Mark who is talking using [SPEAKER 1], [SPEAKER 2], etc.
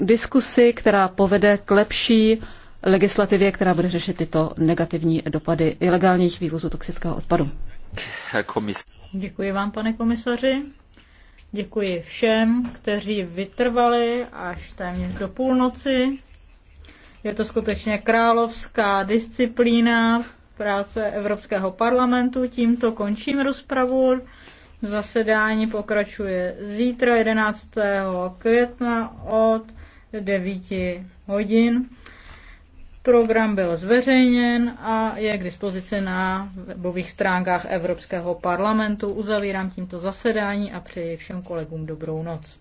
[SPEAKER 1] diskusi, která povede k lepší legislativě, která bude řešit tyto negativní dopady ilegálních vývozů toxického odpadu.
[SPEAKER 2] Děkuji vám, pane komisaři. Děkuji všem, kteří vytrvali až téměř do půlnoci. Je to skutečně královská disciplína práce Evropského parlamentu. Tímto končím rozpravu. Zasedání pokračuje zítra 11. května od 9 hodin. Program byl zveřejněn a je k dispozici na webových stránkách Evropského parlamentu.
[SPEAKER 3] Uzavírám tímto zasedání a přeji všem kolegům dobrou noc.